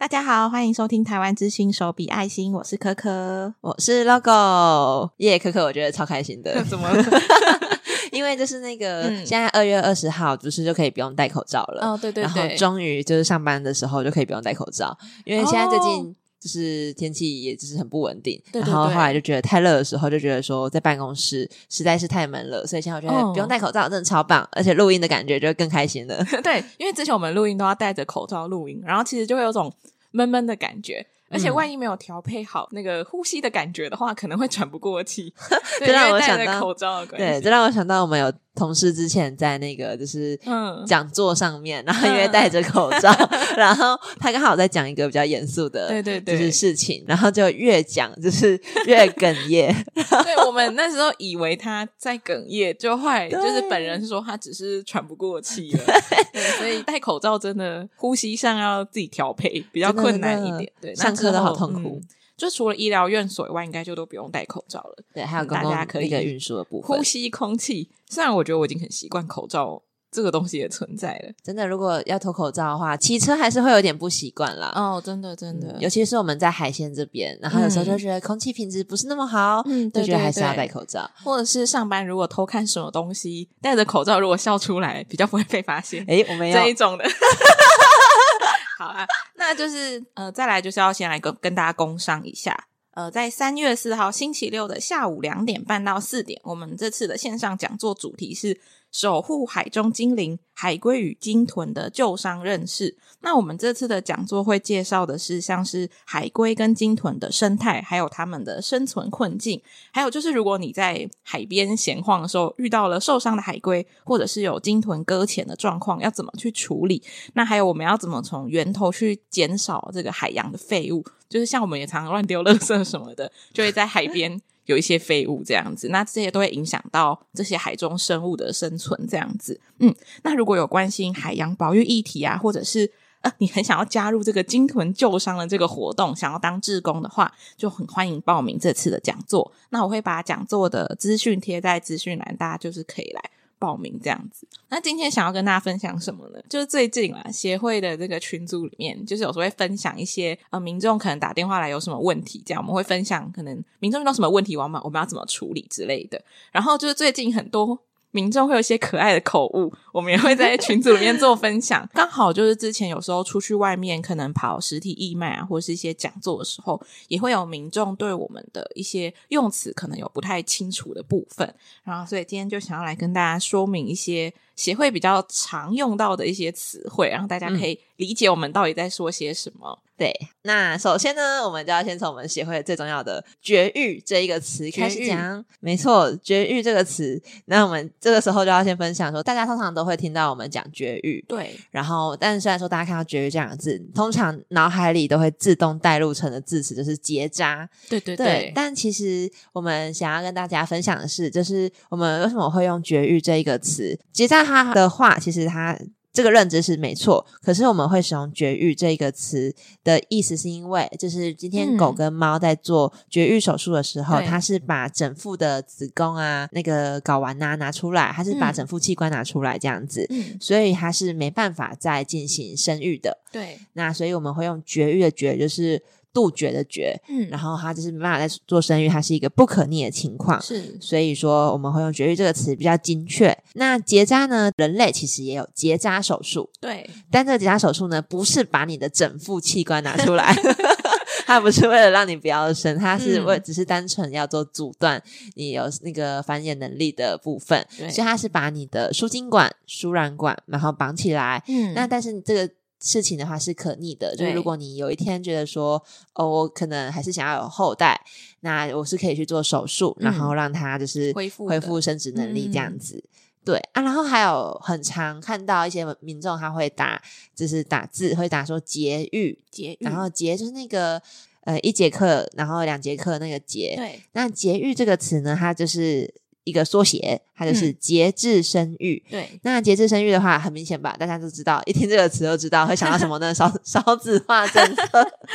大家好，歡迎收聽台灣之星手筆愛心，我是可可，我是 Logo，耶，yeah，可可我覺得超開心的，怎麼？因為就是那個、嗯、現在二月二十號，就是就可以不用戴口罩了，哦對對對，然後終於就是上班的時候就可以不用戴口罩，哦、因為現在最近就是天氣也就是很不穩定，對對對，然後後來就覺得太熱的時候就覺得說在辦公室實在是太悶了，所以現在我覺得不用戴口罩真的超棒，哦、而且錄音的感覺就會更開心了，對，因為之前我們錄音都要戴着口罩錄音，然後其實就會有種。悶悶的感覺。而且萬一沒有調配好那個呼吸的感覺的話，可能會喘不過氣。就讓我想到，對，就讓我想到我們有同事之前在那個就是講座上面，然後因為戴着口罩，然後他剛好在講一個比較嚴肅的，對對，就是事情，然後就越講就是越哽咽。對，我們那時候以為他在哽咽，就壞，就是本人是說他只是喘不過氣了。所以戴口罩真的呼吸上要自己調配，比較困難一點。對。咳得好痛苦、嗯，就除了醫療院所以外，應該就都不用戴口罩了。對，還有大家可以運輸的部分，呼吸空氣。雖然我覺得我已經很習慣口罩這個東西也存在了。真的，如果要脫口罩的話，騎車還是會有點不習慣啦。哦，真的真的、嗯，尤其是我們在海鮮這邊，然後有時候就覺得空氣品質不是那麼好，嗯、就覺得還是要戴口罩、嗯對對對對。或者是上班如果偷看什麼東西，戴着口罩如果笑出來，比較不會被發現。哎，我們要。這一種的。 好啊，那就是呃，再來就是要先來跟跟大家工商一下，呃，在三月四號星期六的下午兩點半到四點，我們這次的線上講座主題是。守護海中鯨靈——海龜與鯨豚的救傷認識。那我們這次的講座會介紹的是，像是海龜跟鯨豚的生態，還有它們的生存困境。還有就是，如果你在海邊閒晃的時候遇到了受傷的海龜，或者是有鯨豚擱淺的狀況，要怎麼去處理？那還有，我們要怎麼從源頭去減少這個海洋的廢物？就是像我們也常常亂丟垃圾什麼的，就會在海邊。 有一些廢物這樣子，那這些都會影響到這些海中生物的生存這樣子。嗯，那如果有關心海洋保育議題啊，或者是呃，你很想要加入這個鯨豚救傷的這個活動，想要當志工的話，就很歡迎報名這次的講座。那我會把講座的資訊貼在資訊欄，大家就是可以來。報名這樣子，那今天想要跟大家分享什麼呢？就是最近啊，協會的這個群組裡面，就是有時候會分享一些呃，民眾可能打電話來有什麼問題，這樣我們會分享，可能民眾遇到什麼問題，往往我們要怎麼處理之類的。然後就是最近很多。民眾會有一些可愛的口誤，我們也會在群組裡面做分享。剛 好就是之前有時候出去外面可能跑實體義賣啊，或是一些講座的時候，也會有民眾對我們的一些用詞可能有不太清楚的部分。然後，所以今天就想要來跟大家說明一些協會比較常用到的一些詞彙，然後大家可以理解我們到底在說些什麼。嗯對，那首先呢，我們就要先從我們協會最重要的絕育這一個詞開始講。絕育。沒錯，絕育這個詞，那我們這個時候就要先分享說，大家通常都會聽到我們講絕育。對，然後但是雖然說大家看到絕育這兩個字，通常腦海裡都會自動帶入成的字詞就是結紮。對對對，對，但其實我們想要跟大家分享的是，就是我們為什麼會用絕育這一個詞？結紮它的話，其實它。這個認知是沒錯，可是我們會使用“絕育”這個詞的意思，是因為就是今天狗跟貓在做絕育手術的時候，嗯、它是把整副的子宮啊、那個睾丸啊拿出來，它是把整副器官拿出來這樣子，嗯、所以它是沒辦法再進行生育的。嗯、對，那所以我們會用“絕育”的“絕”就是。杜絕的絕，嗯，然後他就是沒辦法再做生育，它是一個不可逆的情況，是，所以說我們會用絕育這個詞比較精確。那結紮呢？人類其實也有結紮手術，對，但這個結紮手術呢，不是把你的整副器官拿出來，它 不是為了讓你不要生，它是為、嗯、只是單純要做阻斷你有那個繁衍能力的部分，對所以它是把你的輸精管、輸卵管然後綁起來，嗯，那但是這個。事情的話是可逆的，就是如果你有一天覺得說，對哦，我可能還是想要有後代，那我是可以去做手術，嗯、然後讓他就是恢復恢復生殖能力、嗯、這樣子。對啊，然後還有很常看到一些民眾他會打，就是打字會打說節育節育，然後節就是那個呃一節課，然後兩節課那個節。對，那節育這個詞呢，它就是。一個縮寫，它就是節制生育。嗯、對，那節制生育的話，很明顯吧？大家都知道，一聽這個詞就知道會想到什麼呢？ 少少子化政策。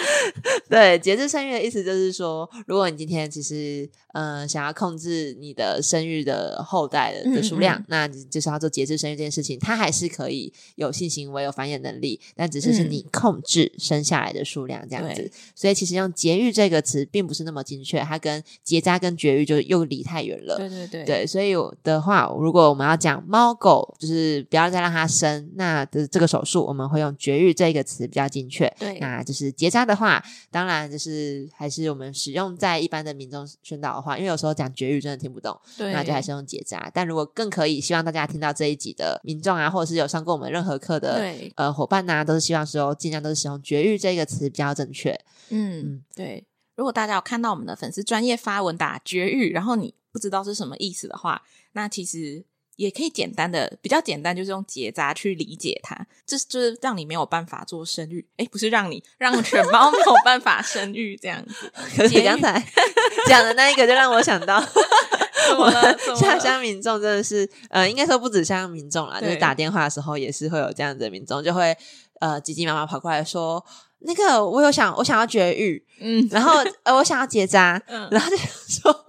對，節制生育的意思就是說，如果你今天其實嗯、呃、想要控制你的生育的後代的，的數量，嗯嗯嗯，那你就是要做節制生育這件事情。它還是可以有性行為、有繁衍能力，但只是是你控制生下來的數量、嗯、這樣子。對所以，其實用節育這個詞，並不是那麼精確。它跟結紮、跟絕育，就又離太遠了。對對對。對，所以的話，如果我們要講貓狗，就是不要再讓它生，那的這個手術，我們會用絕育這個詞比較精確。對，那就是結紮的話，當然就是還是我們使用在一般的民眾宣導的話，因為有時候講絕育真的聽不懂，對那就還是用結紮。但如果更可以，希望大家聽到這一集的民眾啊，或者是有上過我們任何課的呃夥伴吶、啊，都是希望說盡量都是使用絕育這個詞比較正確。對嗯，對。如果大家有看到我們的粉絲專業發文打絕育，然後你不知道是什麼意思的話，那其實也可以簡單的，比較簡單，就是用結扎去理解它。這就是讓你沒有辦法做生育，誒，不是讓你讓犬貓沒有辦法生育這樣子。剛 剛才講的那一個，就讓我想到，我們下鄉民眾真的是，呃，應該說不止下鄉民眾啦，對就是打電話的時候也是會有這樣子的民眾，就會，呃，急急忙忙跑過來說。那個我有想，我想要絕育，嗯，然後呃我想要結紮，嗯，然後就說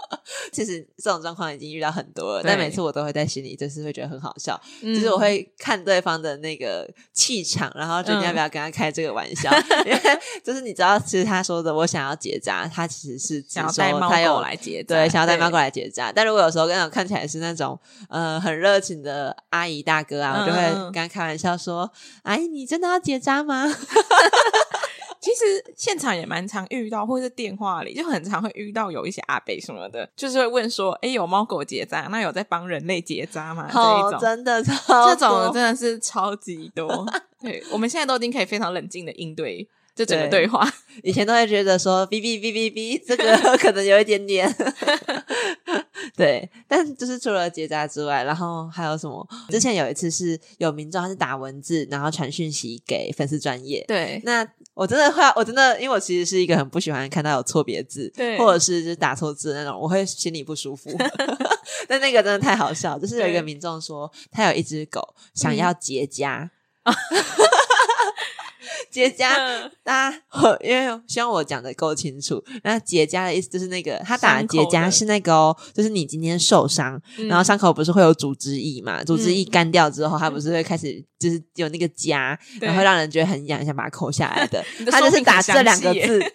其實這種狀況已經遇到很多了，對但每次我都會在心裡就是會覺得很好笑，嗯、就是我會看對方的那個氣場，然後決定要不要跟他開這個玩笑，嗯、因為就是你知道其實他說的我想要結紮，他其實是想要帶貓，他要我來結，對，想要帶貓過來結紮，對但如果有時候跟他看起來是那種呃很熱情的阿姨大哥啊，我就會跟他開玩笑說，阿姨、嗯嗯哎、你真的要結紮嗎？哈哈哈。其實現場也蠻常遇到，或者電話裡就很常會遇到有一些阿北什麼的，就是會問說：“哎，有貓狗結紮？那有在幫人類結紮嗎？”好這一種真的超，這種真的是超級多。 對，我們現在都已經可以非常冷靜的應對這整個對話，對。以前都會覺得說“嗶嗶嗶嗶嗶”，這個可能有一點點。 對，但就是除了結紮之外，然後還有什麼？之前有一次是有民眾他是打文字，然後傳訊息給粉絲專頁。對，那。我真的會，我真的，因為我其實是一個很不喜歡看到有錯別字，對或者是就是打錯字的那種，我會心裡不舒服。 但那個真的太好笑，就是有一個民眾說，他對有一只狗想要結痂。對 結痂，啊，因為、嗯、希望我講得夠清楚。那結痂的意思就是那個，他打的結痂是那個哦，就是你今天受傷，嗯、然後傷口不是會有組織液嘛？組織液乾掉之後，嗯、它不是會開始就是有那個痂，嗯、然後會讓人覺得很癢，想把它摳下來的。啊、他就是打這兩個字，對，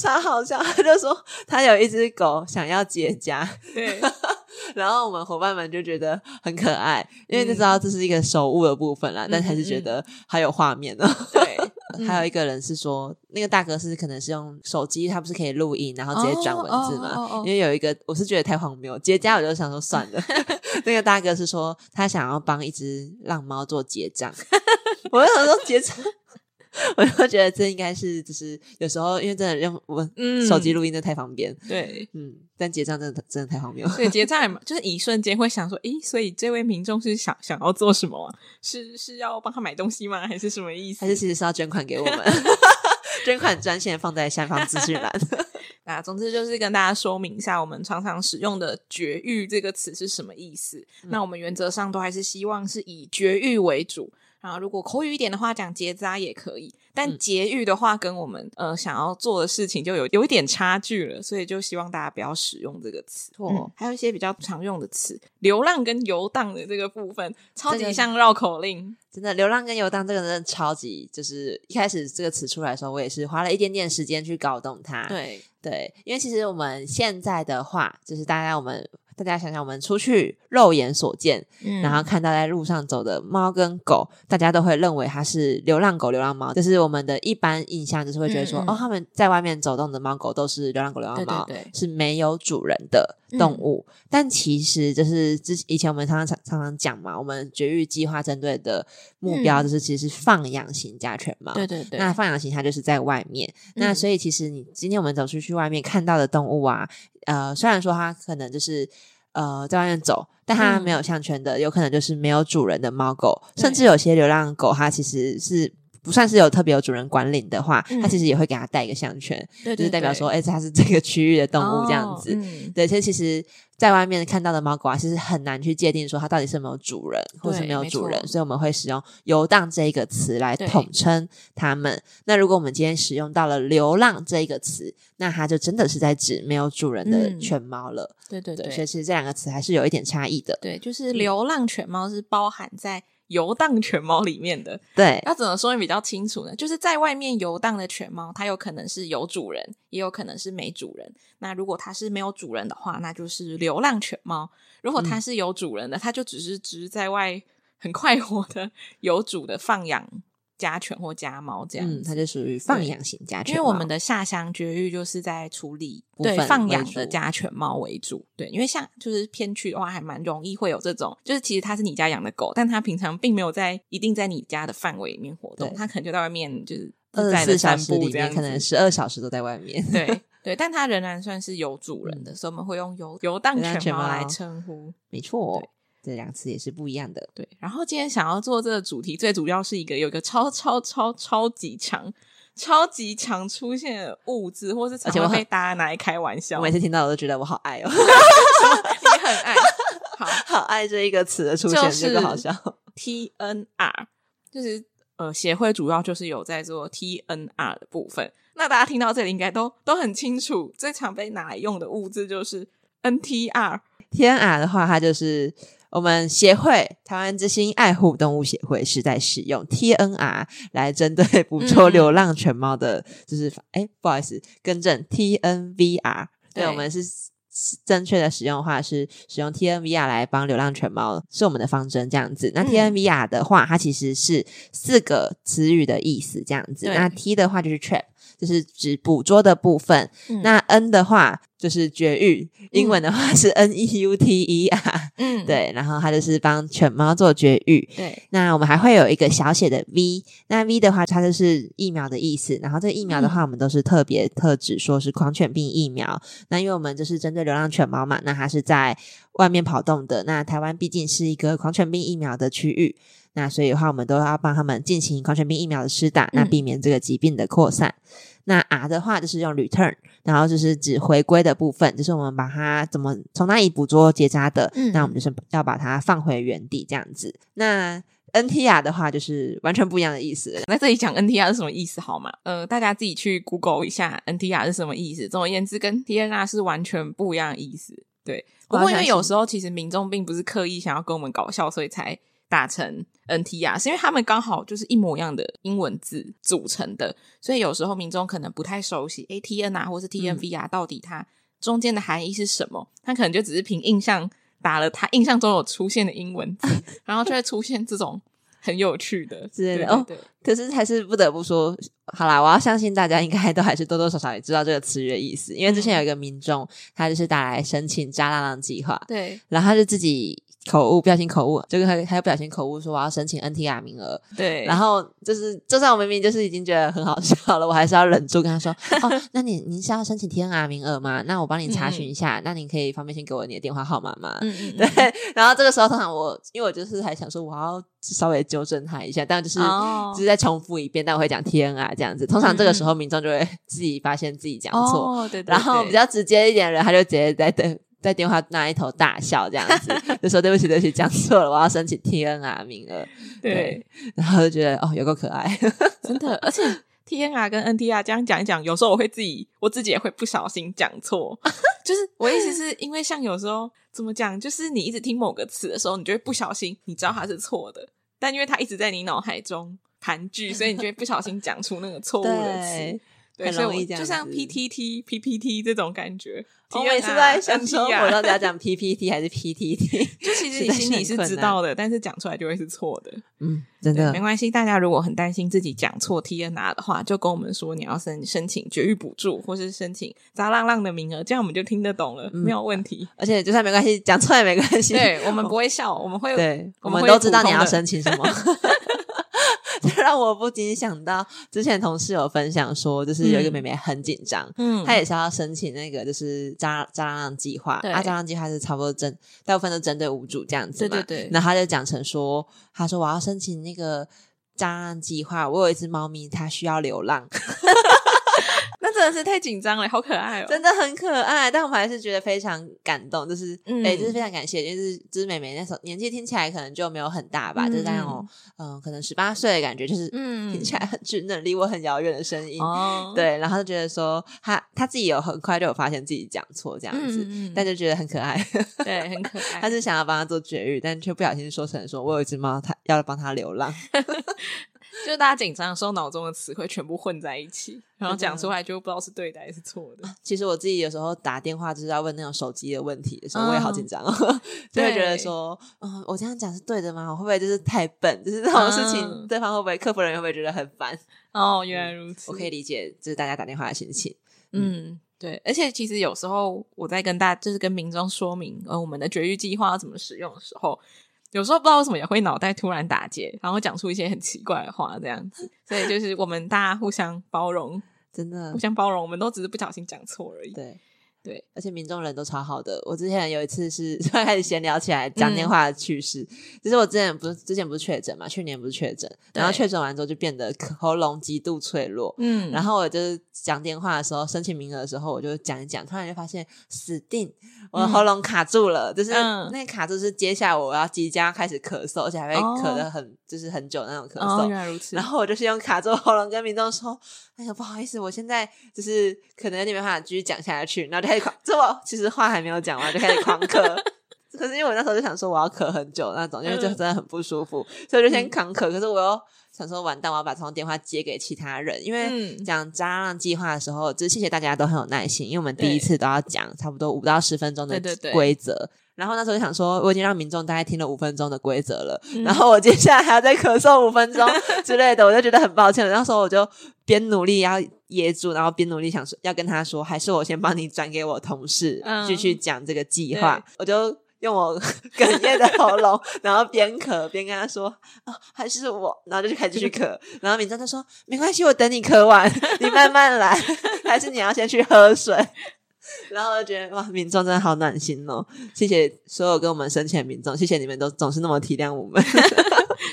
他好像他就說他有一只狗想要結痂。對 然後我們伙伴們就覺得很可愛，因為你知道這是一個手誤的部分啦，嗯、但還是覺得還有畫面哦。嗯、 對，嗯、還有一個人是說，那個大哥是可能是用手機，他不是可以錄音，然後直接轉文字嘛？哦哦哦哦、因為有一個，我是覺得太荒謬，結痂我就想說算了。 那個大哥是說他想要幫一只浪貓做結賬， 我就想說結賬？ 我就覺得這應該是，就是有時候因為真的用我，嗯，手機錄音真的太方便，嗯嗯、對，嗯，但結賬真的真的太方便。對，結賬嘛，就是一瞬間會想說，咦、欸，所以這位民眾是想想要做什麼、啊？是是要幫他買東西嗎？還是什麼意思？還是其實是要捐款給我們？ 捐款專線放在下方資訊欄。 那總之就是跟大家說明一下，我們常常使用的“絕育”這個詞是什麼意思？嗯、那我們原則上都還是希望是以絕育為主。然後，如果口語一點的話，講結紮、啊、也可以，但節育的話，跟我們、嗯、呃想要做的事情就有有一點差距了，所以就希望大家不要使用這個詞。哦、嗯，還有一些比較常用的詞，流浪跟遊蕩的這個部分，超級像繞口令、這個。真的，流浪跟遊蕩這個真的超級，就是一開始這個詞出來的時候，我也是花了一點點時間去搞懂它。對，對，因為其實我們現在的話，就是大家我們。大家想想，我們出去肉眼所見，嗯、然後看到在路上走的貓跟狗，大家都會認為它是流浪狗、流浪貓，這、就是我們的一般印象，就是會覺得說，嗯嗯、哦，他們在外面走動的貓狗都是流浪狗、流浪貓，是對，對，對，是沒有主人的動物。嗯、但其實，就是之以前我們常常常常講嘛，我們絕育計劃針對的目標就是其實是放養型家犬嘛，對對對。那放養型它就是在外面，嗯、那所以其實你今天我們走出去外面看到的動物啊。呃，雖然說它可能就是呃在外面走，但它沒有項圈的，嗯，有可能就是沒有主人的貓狗，對甚至有些流浪狗，它其實是。不算是有特別有主人管理的話，嗯、它其實也會給它戴一個項圈，對對對，就是代表說，哎、欸，它是這個區域的動物這樣子。哦嗯、對，所以其實在外面看到的貓狗啊，其實很難去界定說它到底是有沒有主人，對或是沒有主人。錯所以我們會使用“遊蕩”這個詞來統稱它們。對那如果我們今天使用到了“流浪”這一個詞，那它就真的是在指沒有主人的犬貓了、嗯。對對對，對，所以其實這兩個詞還是有一點差異的。對，就是流浪犬貓是包含在。遊蕩犬貓裡面的，對，要怎麼說會比較清楚呢？就是在外面遊蕩的犬貓，它有可能是有主人，也有可能是沒主人。那如果它是沒有主人的話，那就是流浪犬貓；如果它是有主人的，它就只是只是在外很快活的有主的放養。家犬或家貓這樣，嗯，它就屬於放養型家犬。因為我們的下鄉絕育，就是在處理對放養的家犬貓為主。嗯、對，因為像就是偏區的話，還蠻容易會有這種，就是其實它是你家養的狗，但它平常並沒有在一定在你家的範圍裡面活動，對它可能就在外面，就是二十四小時裡面，可能十二小時都在外面。 對對，但它仍然算是有主人的，嗯、的所以我們會用遊遊蕩犬貓來稱呼。對沒錯錯。這兩次也是不一樣的，對。然後今天想要做這個主題，最主要是一個有一個超超超超級強、超級強出現的物質，或是而且會被大家拿來開玩笑。每次聽到我都覺得我好愛哦。 你很愛，好好愛這一個詞的出現，這個好笑。T N R 就是呃，協會主要就是有在做 T N R 的部分。那大家聽到這裡應該都都很清楚，最常被拿來用的物質就是 N T R。T N R 的話，它就是。我們協會台灣之心愛護動物協會是在使用 TNR 來針對捕捉流浪犬貓的，就是哎、嗯，不好意思，更正 TNVR，對，我們是正確的使用的話是使用 TNVR 來幫流浪犬貓，是我們的方針這樣子。那 TNVR 的話，嗯、它其實是四個詞語的意思這樣子。對那 T 的話就是 trap，就是指捕捉的部分。嗯、那 N 的話。就是絕育，英文的話是 neuter，嗯，對，然後它就是幫犬貓做絕育。對，那我們還會有一個小寫的 v，那 v 的話，它就是疫苗的意思。然後這個疫苗的話，我們都是特別特指說是狂犬病疫苗。嗯，那因為我們就是針對流浪犬貓嘛，那它是在外面跑動的。那台灣畢竟是一個狂犬病疫苗的區域。那所以的話，我們都要幫他們進行狂犬病疫苗的施打，那避免這個疾病的擴散。嗯、那 R 的話，就是用 return，然後就是指回歸的部分，就是我們把它怎麼從那裡捕捉結紮的，嗯、那我們就是要把它放回原地這樣子。那 NTR 的話，就是完全不一樣的意思。那這裡講 NTR 是什麼意思好嗎？呃，大家自己去 Google 一下 NTR 是什麼意思。總而言之，跟 TNR 是完全不一樣的意思。對，不過因為有時候其實民眾並不是刻意想要跟我們搞笑，所以才打成 NTR，是因為他們剛好就是一模一樣的英文字組成的，所以有時候民眾可能不太熟悉 ATN、欸、啊，或是 TNV 啊，嗯、到底它中間的含義是什麼？他可能就只是憑印象打了他印象中有出現的英文字， 然後就會出現這種很有趣的之類的對對對哦。可是還是不得不說，好啦，我要相信大家應該都還是多多少少也知道這個詞語的意思。因為之前有一個民眾，嗯、他就是打來申請紮浪浪“渣拉浪”計劃，對，然後他就自己。口誤，不小心口誤，就跟他還有表情口誤說我要申請 NTR 名額，對，然後就是，就算我明明就是已經覺得很好笑了，我還是要忍住跟他說 哦，那你您是要申請 TNR 名額嗎？那我幫你查詢一下，嗯、那您可以方便先給我你的電話號碼嗎？嗯，嗯，嗯對。然後這個時候通常我因為我就是還想說我要稍微糾正他一下，但就是、哦、就是再重複一遍，但我會講 TNR 這樣子。通常這個時候民眾就會自己發現自己講錯，嗯哦、對，對，對，然後比較直接一點的人，他就直接在等。在電話那一頭大笑這樣子，就說對不起，對不起，講錯了，我要申請 T N R 名額。對，對，然後就覺得哦，有夠可愛， 真的。而且 T N R 跟 N T R 這樣講一講，有時候我會自己，我自己也會不小心講錯。 就是我意思是因為像有時候怎麼講，就是你一直聽某個詞的時候，你就會不小心，你知道它是錯的，但因為它一直在你腦海中盤踞，所以你就會不小心講出那個錯誤的詞。對，容我就像 P T T P P T 這種感覺。我、oh、my 每次都在想說，我底要講 P P T 還是 P T T， 就其實你心裡是知道的， 但是講出來就會是錯的。嗯，真的沒關係。大家如果很擔心自己講錯 T N 拿的話，就跟我們說你要申申請絕育補助，或是申請渣浪浪的名額，這樣我們就聽得懂了，沒有問題。嗯、而且就算沒關係，講錯也沒關係。對，我們不會笑，哦、我們會，對。我們，我們都知道你要申請什麼。 讓我不禁想到之前同事有分享說，就是有一個妹妹很緊張，嗯、她也是要申請那個，就是“紮紮浪浪計劃。對啊，“紮浪浪計劃是差不多針大部分都針對無主，這樣子嘛，對對對。然後她就講成說：“她說我要申請那個‘紮浪浪計劃，我有一隻貓咪，它需要流浪。 ” 真的是太緊張了，好可愛哦、喔，真的很可愛。但我還是覺得非常感動，就是，哎、嗯欸，就是非常感謝，就是就是妹妹那時候年紀聽起來可能就沒有很大吧，嗯、就是那種嗯、呃，可能十八歲的感覺，就是嗯，聽起來很稚嫩，離我很遙遠的聲音。哦、對，然後就覺得說，他他自己有很快就有發現自己講錯這樣子，嗯嗯，但就覺得很可愛， 對，很可愛。他是想要幫他做絕育，但卻不小心說成說我有一隻貓，他要幫他流浪。 就是大家緊張的時候，腦中的詞彙全部混在一起，然後講出來就不知道是對的還是錯的、嗯。其實我自己有時候打電話就是要問那種手機的問題的時候，嗯、我也好緊張、哦，嗯、 就會覺得說，對嗯，我這樣講是對的嗎？我會不會就是太笨？就是這種事情，嗯、對方會不會客服人員會不會覺得很煩？嗯、哦，原來如此，我可以理解，就是大家打電話的心情。嗯，嗯對，而且其實有時候我在跟大，家，就是跟民眾說明，呃，我們的絕育計劃要怎麼使用的時候。有時候不知道為什麼也會腦袋突然打結，然後講出一些很奇怪的話，這樣子。所以就是我們大家互相包容，真的互相包容，我們都只是不小心講錯而已。對。對，而且民眾人都超好的。我之前有一次是突然開始閒聊起來講電話的趣事，就是、嗯、我之前不是之前不是確診嘛，去年不是確診，對然後確診完之後就變得喉嚨極度脆弱。嗯，然後我就講電話的時候，申請名額的時候，我就講一講，突然就發現死定，我的喉嚨卡住了，嗯、就是那、嗯、那卡住是接下來我要即將開始咳嗽，而且還會咳得很，哦、就是很久那種咳嗽。哦。原來如此。然後我就是用卡住喉嚨跟民眾說：“哎呀，不好意思，我現在就是可能有點沒辦法繼續講下去。”然後他。這我 其實話還沒有講完就開始狂咳， 可是因為我那時候就想說我要咳很久那種，因為就真的很不舒服，嗯、所以我就先狂咳。可是我又想說完蛋，我要把這通電話接給其他人，因為講扎浪計劃的時候，就是謝謝大家都很有耐心，因為我們第一次都要講差不多五到十分鐘的規則。嗯嗯，對對對。然後那時候就想說，我已經讓民眾大概聽了五分鐘的規則了，嗯、然後我接下來還要再咳嗽五分鐘之類的， 我就覺得很抱歉了。那時候我就邊努力要噎住，然後邊努力想說要跟他說，還是我先幫你轉給我同事、嗯、繼續講這個計劃。對我就用我哽咽的喉嚨， 然後邊咳邊跟他說啊、哦，還是我，然後就開始去咳。 然後民眾就說沒關係，我等你咳完，你慢慢來，還是你要先去喝水。 然後就覺得哇，民眾真的好暖心哦！謝謝所有跟我們申請的民眾，謝謝你們都總是那麼體諒我們，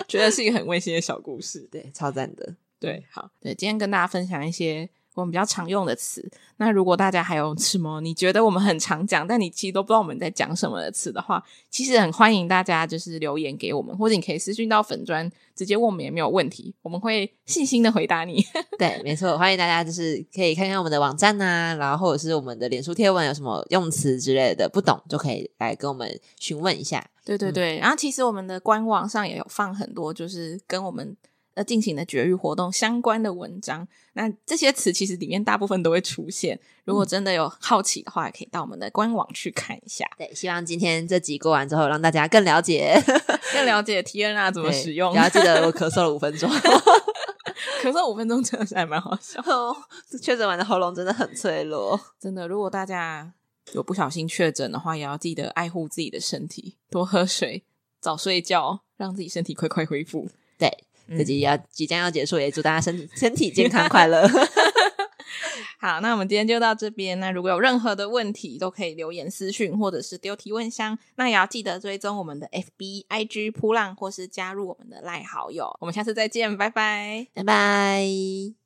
覺得是一個很溫馨的小故事。 對，超讚的。對，好，對，今天跟大家分享一些。我們比較常用的詞。那如果大家還有什麼你覺得我們很常講，但你其實都不知道我們在講什麼的詞的話，其實很歡迎大家就是留言給我們，或者你可以私訊到粉專，直接問我們也沒有問題，我們會細心的回答你。 對，沒錯，歡迎大家就是可以看看我們的網站啊，然後或者是我們的臉書貼文有什麼用詞之類的不懂，就可以來跟我們詢問一下。嗯、對對對，然後其實我們的官網上也有放很多，就是跟我們。那進行的絕育活動相關的文章，那這些詞其實裡面大部分都會出現。如果真的有好奇的話，可以到我們的官網去看一下。嗯、對，希望今天這集過完之後，讓大家更了解、 更了解 T N R 怎麼使用。也要記得我咳嗽了五分鐘， 咳嗽五分鐘真的是還蠻好笑。oh，確診完的喉嚨真的很脆弱，真的。如果大家有不小心確診的話，也要記得愛護自己的身體，多喝水，早睡覺，讓自己身體快快恢復。自己要即將要結束，也祝大家身身體健康快樂。 好，那我們今天就到這邊。那如果有任何的問題，都可以留言私訊或者是丟提問箱。那也要記得追蹤我們的 FBIG 噗浪，或是加入我們的賴好友。我們下次再見，拜拜，拜拜。